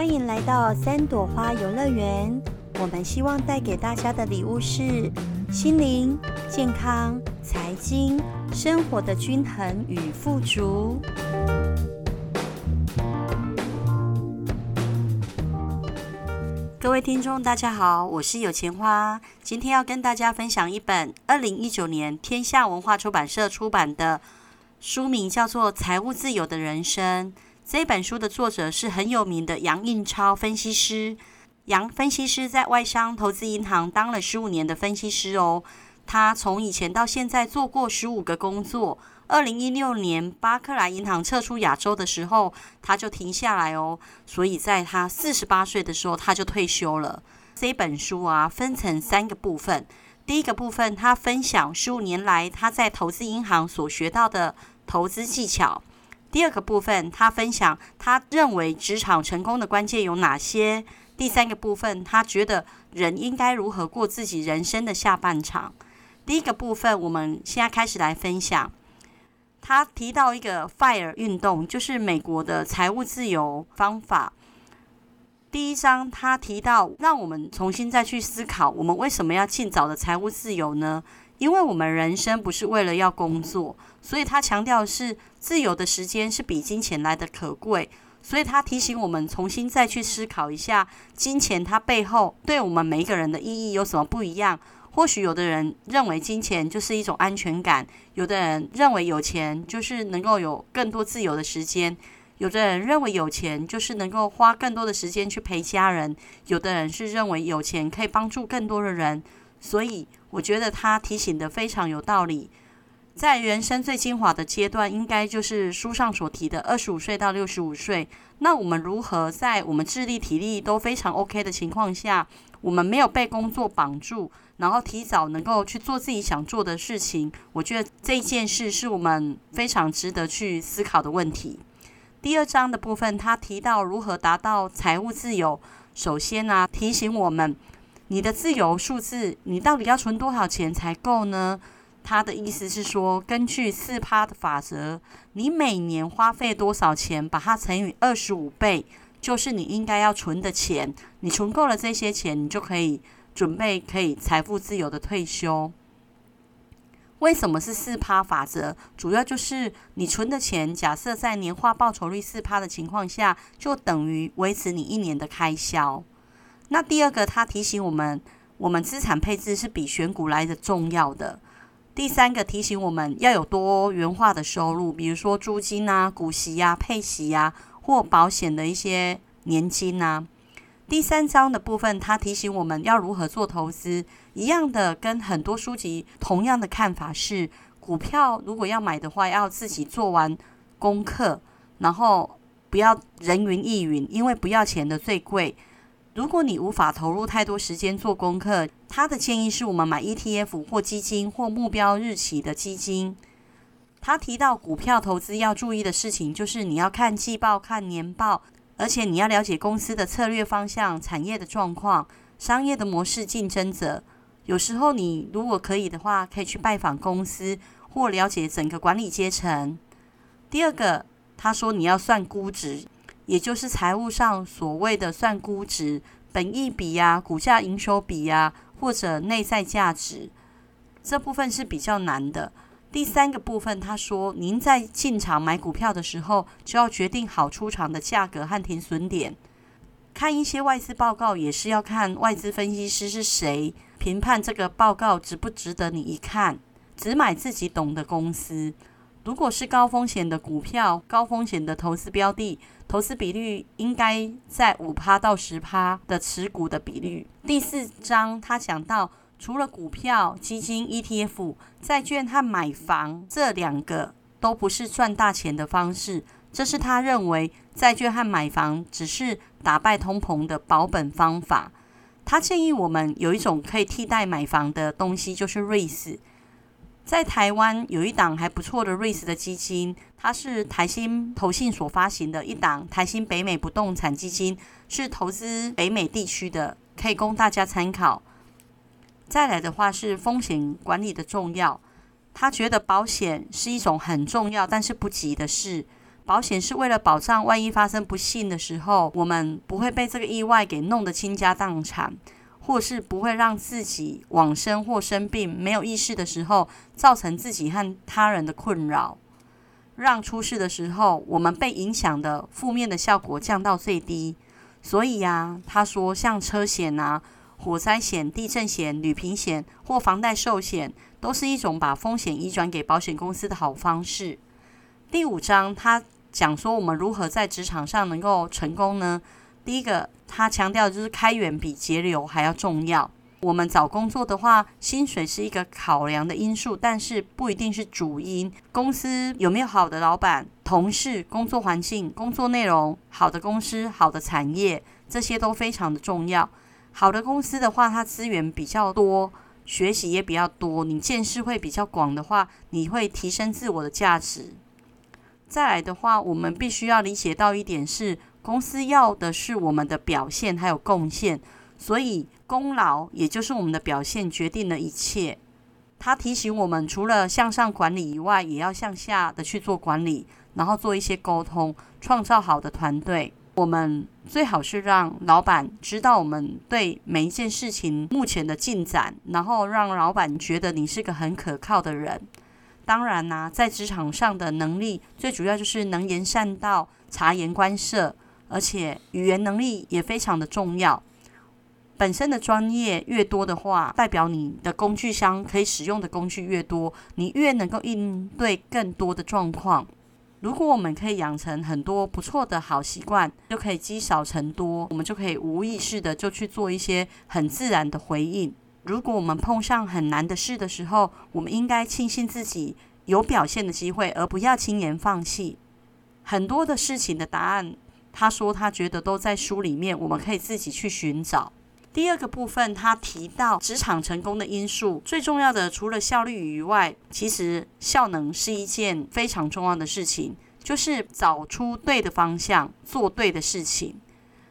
歡迎來到三朵花遊樂園。我們希望帶給大家的禮物是心靈、健康、財經、生活的均衡與富足。各位聽眾，大家好，我是有錢花。今天要跟大家分享一本二零一九年天下文化出版社出版的書，名叫做《財務自由的人生》。這本書的作者是很有名的楊應超分析師。楊分析師在外商投資銀行當了十五年的分析師哦。他從以前到現在做過十五個工作。二零一六年巴克萊銀行撤出亞洲的時候，他就停下來哦。所以在他四十八歲的時候，他就退休了。這本書啊，分成三個部分。第一個部分，他分享十五年來他在投資銀行所學到的投資技巧。第二個部分，他分享他認為職場成功的關鍵有哪些。第三個部分，他覺得人應該如何過自己人生的下半場。第一個部分，我們現在開始來分享。他提到一個 FIRE 運動，就是美國的財務自由方法。第一章，他提到讓我們重新再去思考，我們為什麼要盡早的財務自由呢？因為我們人生不是為了要工作。所以他強調的是自由的時間是比金錢來的可貴，所以他提醒我們重新再去思考一下金錢它背後對我們每一個人的意義有什麼不一樣。或許有的人認為金錢就是一種安全感，有的人認為有錢就是能夠有更多自由的時間，有的人認為有錢就是能夠花更多的時間去陪家人，有的人是認為有錢可以幫助更多的人。所以我覺得他提醒的非常有道理。在人生最精華的階段，應該就是書上所提的二十五歲到六十五歲。那我們如何在我們智力、體力都非常 OK 的情況下，我們沒有被工作綁住，然後提早能夠去做自己想做的事情？我覺得這件事是我們非常值得去思考的問題。第二章的部分，他提到如何達到財務自由。首先呢、啊，提醒我們，你的自由數字，你到底要存多少錢才夠呢？他的意思是說，根據四趴的法則，你每年花費多少錢，把它乘以二十五倍，就是你應該要存的錢。你存夠了這些錢，你就可以準備可以財富自由的退休。為什麼是四趴法則？主要就是你存的錢，假設在年化報酬率四趴的情況下，就等於維持你一年的開銷。那第二個，他提醒我們，我們資產配置是比選股來的重要的。第三個提醒我們要有多元化的收入，比如說租金啊、股息呀、啊、配息呀、啊，或保險的一些年金啊。第三章的部分，他提醒我們要如何做投資，一樣的跟很多書籍同樣的看法是，股票如果要買的話，要自己做完功課，然後不要人云亦云，因為不要錢的最貴。如果你無法投入太多時間做功課，他的建議是我們買 ETF 或基金或目標日期的基金。他提到股票投資要注意的事情，就是你要看季報、看年報，而且你要了解公司的策略方向、產業的狀況、商業的模式、競爭者。有時候你如果可以的話，可以去拜訪公司或了解整個管理階層。第二個，他說你要算估值。也就是財務上所謂的算估值、本益比呀、啊、股價營收比呀、啊，或者內在價值，這部分是比較難的。第三個部分，他說，您在進場買股票的時候，就要決定好出場的價格和停損點。看一些外資報告，也是要看外資分析師是誰，評判這個報告值不值得你一看，只買自己懂的公司。如果是高風險的股票、高風險的投資標的，投資比率應該在五趴到十趴的持股的比率。第四章他講到，除了股票、基金、ETF、債券和買房這兩個都不是賺大錢的方式，這是他認為債券和買房只是打敗通膨的保本方法。他建議我們有一種可以替代買房的東西，就是 REITs。在台灣有一檔還不錯的 REITs 的基金，它是台新投信所發行的一檔台新北美不動產基金，是投資北美地區的，可以供大家參考。再來的話是風險管理的重要，他覺得保險是一種很重要但是不急的事，保險是為了保障萬一發生不幸的時候，我們不會被這個意外給弄得傾家蕩產。或是不會讓自己往生或生病、沒有意識的時候造成自己和他人的困擾，讓出事的時候我們被影響的負面的效果降到最低。所以呀、啊，他說，像車險啊、火災險、地震險、旅平險或房貸壽險，都是一種把風險移轉給保險公司的好方式。第五章，他講說我們如何在職場上能夠成功呢？第一個，他強調就是開源比節流還要重要。我們找工作的話，薪水是一個考量的因素，但是不一定是主因。公司有沒有好的老闆、同事、工作環境、工作內容，好的公司、好的產業，這些都非常的重要。好的公司的話，它資源比較多，學習也比較多，你見識會比較廣的話，你會提升自我的價值。再來的話，我們必須要理解到一點是。公司要的是我們的表現、還有貢獻，所以功勞也就是我們的表現決定了一切。他提醒我們，除了向上管理以外，也要向下的去做管理，然後做一些溝通，創造好的團隊。我們最好是讓老闆知道我們對每一件事情目前的進展，然後讓老闆覺得你是個很可靠的人。當然啊，在職場上的能力最主要就是能言善道、察言觀色。而且語言能力也非常的重要。本身的專業越多的話，代表你的工具箱可以使用的工具越多，你越能夠應對更多的狀況。如果我們可以養成很多不錯的好習慣，就可以積少成多，我們就可以無意識地就去做一些很自然的回應。如果我們碰上很難的事的時候，我們應該慶幸自己有表現的機會，而不要輕言放棄。很多的事情的答案。他說：“他覺得都在書裡面，我們可以自己去尋找。”第二個部分，他提到職場成功的因素，最重要的除了效率以外，其實效能是一件非常重要的事情，就是找出對的方向，做對的事情。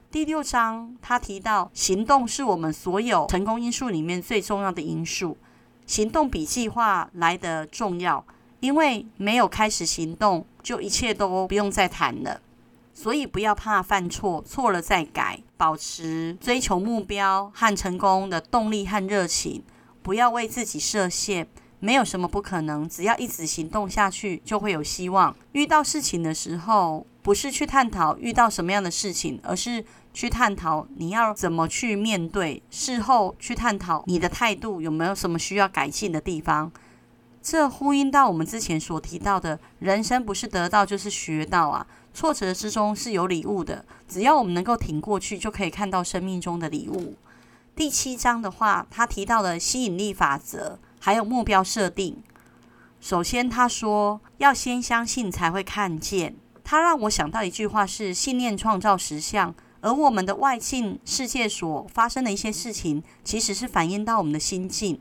第六章，他提到行動是我們所有成功因素裡面最重要的因素，行動比計劃來得重要，因為沒有開始行動，就一切都不用再談了。所以不要怕犯錯，錯了再改，保持追求目標和成功的動力和熱情，不要為自己設限，沒有什麼不可能，只要一直行動下去就會有希望。遇到事情的時候，不是去探討遇到什麼樣的事情，而是去探討你要怎麼去面對，事後去探討你的態度有沒有什麼需要改進的地方。這呼應到我們之前所提到的人生不是得到就是學到啊，挫折之中是有禮物的，只要我們能夠挺過去，就可以看到生命中的禮物。第七章的話，他提到了吸引力法則，還有目標設定。首先，他說要先相信才會看見。他讓我想到一句話是“信念創造實相”，而我們的外境、世界所發生的一些事情，其實是反映到我們的心境。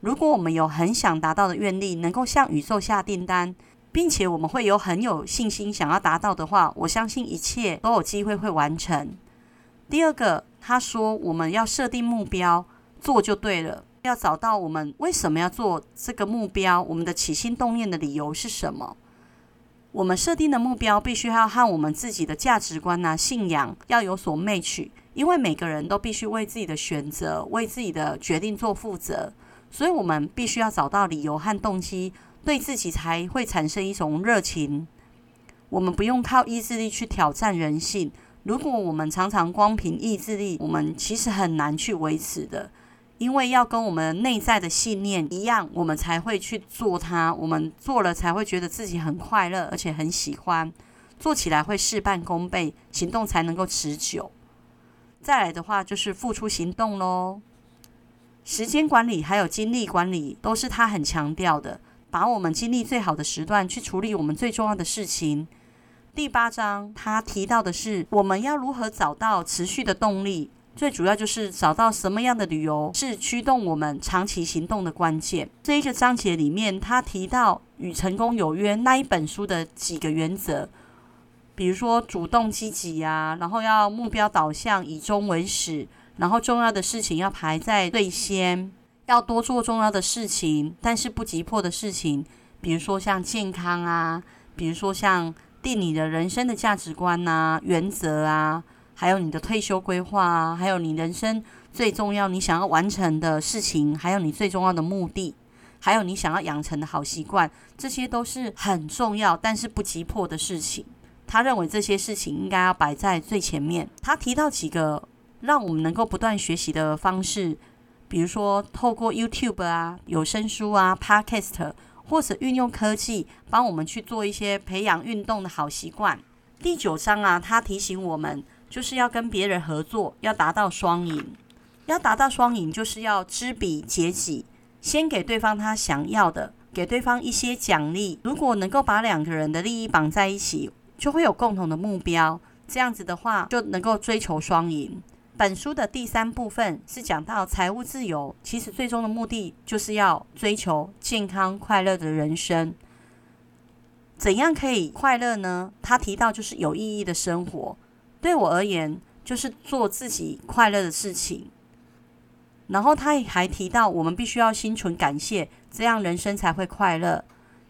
如果我們有很想達到的願力，能夠向宇宙下訂單，並且我們會有很有信心想要達到的話，我相信一切都有機會會完成。第二個，他說我們要設定目標，做就對了。要找到我們為什麼要做這個目標，我們的起心動念的理由是什麼？我們設定的目標必須要和我們自己的價值觀啊、信仰要有所 match，因為每個人都必須為自己的選擇、為自己的決定做負責。所以我們必須要找到理由和動機，對自己才會產生一種熱情。我們不用靠意志力去挑戰人性。如果我們常常光憑意志力，我們其實很難去維持的，因為要跟我們內在的信念一樣，我們才會去做它。我們做了才會覺得自己很快樂，而且很喜歡。做起來會事半功倍，行動才能夠持久。再來的話，就是付出行動嘍。時間管理還有精力管理都是他很強調的，把我們精力最好的時段去處理我們最重要的事情。第八章他提到的是我們要如何找到持續的動力，最主要就是找到什麼樣的理由是驅動我們長期行動的關鍵。這一個章節裡面他提到《與成功有約》那一本書的幾個原則，比如說主動積極呀、啊，然後要目標導向以，以終為始。然後重要的事情要排在最先，要多做重要的事情，但是不急迫的事情，比如說像健康啊，比如說像定你的人生的價值觀吶、啊、原則啊，還有你的退休規劃啊，還有你人生最重要你想要完成的事情，還有你最重要的目的，還有你想要養成的好習慣，這些都是很重要但是不急迫的事情。他認為這些事情應該要擺在最前面。他提到幾個。讓我們能夠不斷學習的方式，比如說透過 YouTube 啊、有聲書啊、Podcast，或者運用科技幫我們去做一些培養運動的好習慣。第九章啊，他提醒我們就是要跟別人合作，要達到雙贏。要達到雙贏，就是要知彼解己，先給對方他想要的，給對方一些獎勵。如果能夠把兩個人的利益綁在一起，就會有共同的目標。這樣子的話，就能夠追求雙贏。本書的第三部分是講到財務自由，其實最終的目的就是要追求健康快樂的人生。怎樣可以快樂呢？他提到就是有意義的生活。對我而言，就是做自己快樂的事情。然後他也還提到，我們必須要心存感謝，這樣人生才會快樂。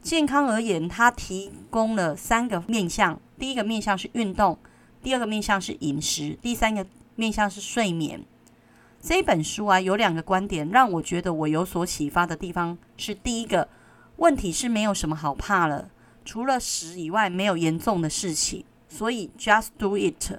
健康而言，他提供了三個面向：第一個面向是運動，第二個面向是飲食，第三個面向是睡眠。這一本書啊，有兩個觀點讓我覺得我有所啟發的地方是：第一個問題是沒有什麼好怕了，除了死以外沒有嚴重的事情，所以 just do it。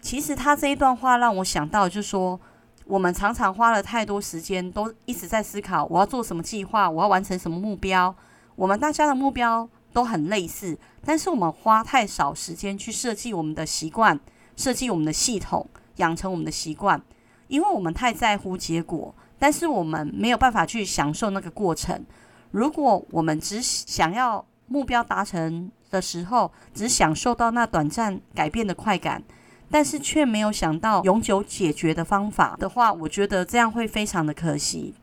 其實他這一段話讓我想到，就是說我們常常花了太多時間都一直在思考我要做什麼計劃，我要完成什麼目標。我們大家的目標都很類似，但是我們花太少時間去設計我們的習慣，設計我們的系統。養成我們的習慣，因為我們太在乎結果，但是我們沒有辦法去享受那個過程。如果我們只想要目標達成的時候，只享受到那短暫改變的快感，但是卻沒有想到永久解決的方法的話，我覺得這樣會非常的可惜。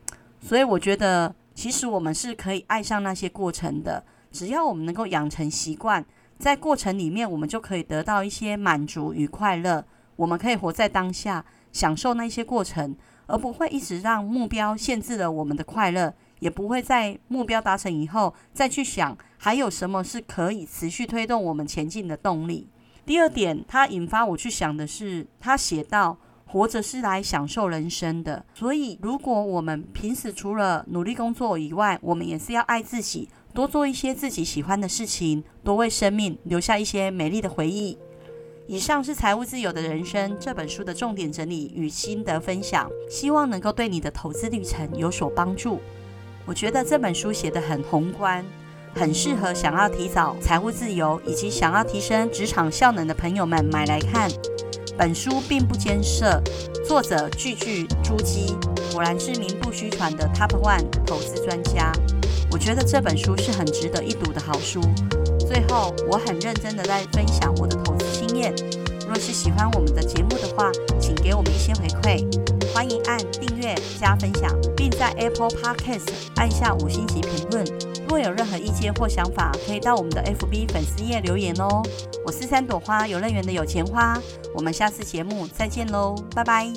所以，我覺得其實我們是可以愛上那些過程的，只要我們能夠養成習慣，在過程裡面，我們就可以得到一些滿足與快樂。我們可以活在當下，享受那些過程，而不會一直讓目標限制了我們的快樂，也不會在目標達成以後再去想還有什麼是可以持續推動我們前進的動力。第二點，它引發我去想的是，他寫到，活着是來享受人生的，所以如果我們平時除了努力工作以外，我們也是要愛自己，多做一些自己喜歡的事情，多為生命留下一些美麗的回憶。以上是《財務自由的人生》這本書的重點整理與心得分享，希望能夠對你的投資旅程有所幫助。我覺得這本書寫得很宏觀，很適合想要提早財務自由以及想要提升職場效能的朋友們買來看。本書並不艱澀，作者句句珠璣，果然是名不虛傳的 Top One 投資專家。我覺得這本書是很值得一讀的好書。最後，我很認真的在分享我的投資經驗。若是喜歡我們的節目的話，請給我們一些回饋。歡迎按訂閱、加分享，並在 Apple Podcast 按下五星級評論。若有任何意見或想法，可以到我們的 FB 粉絲頁留言哦、喔。我是三朵花遊樂園的有錢花，我們下次節目再見嘍，拜拜。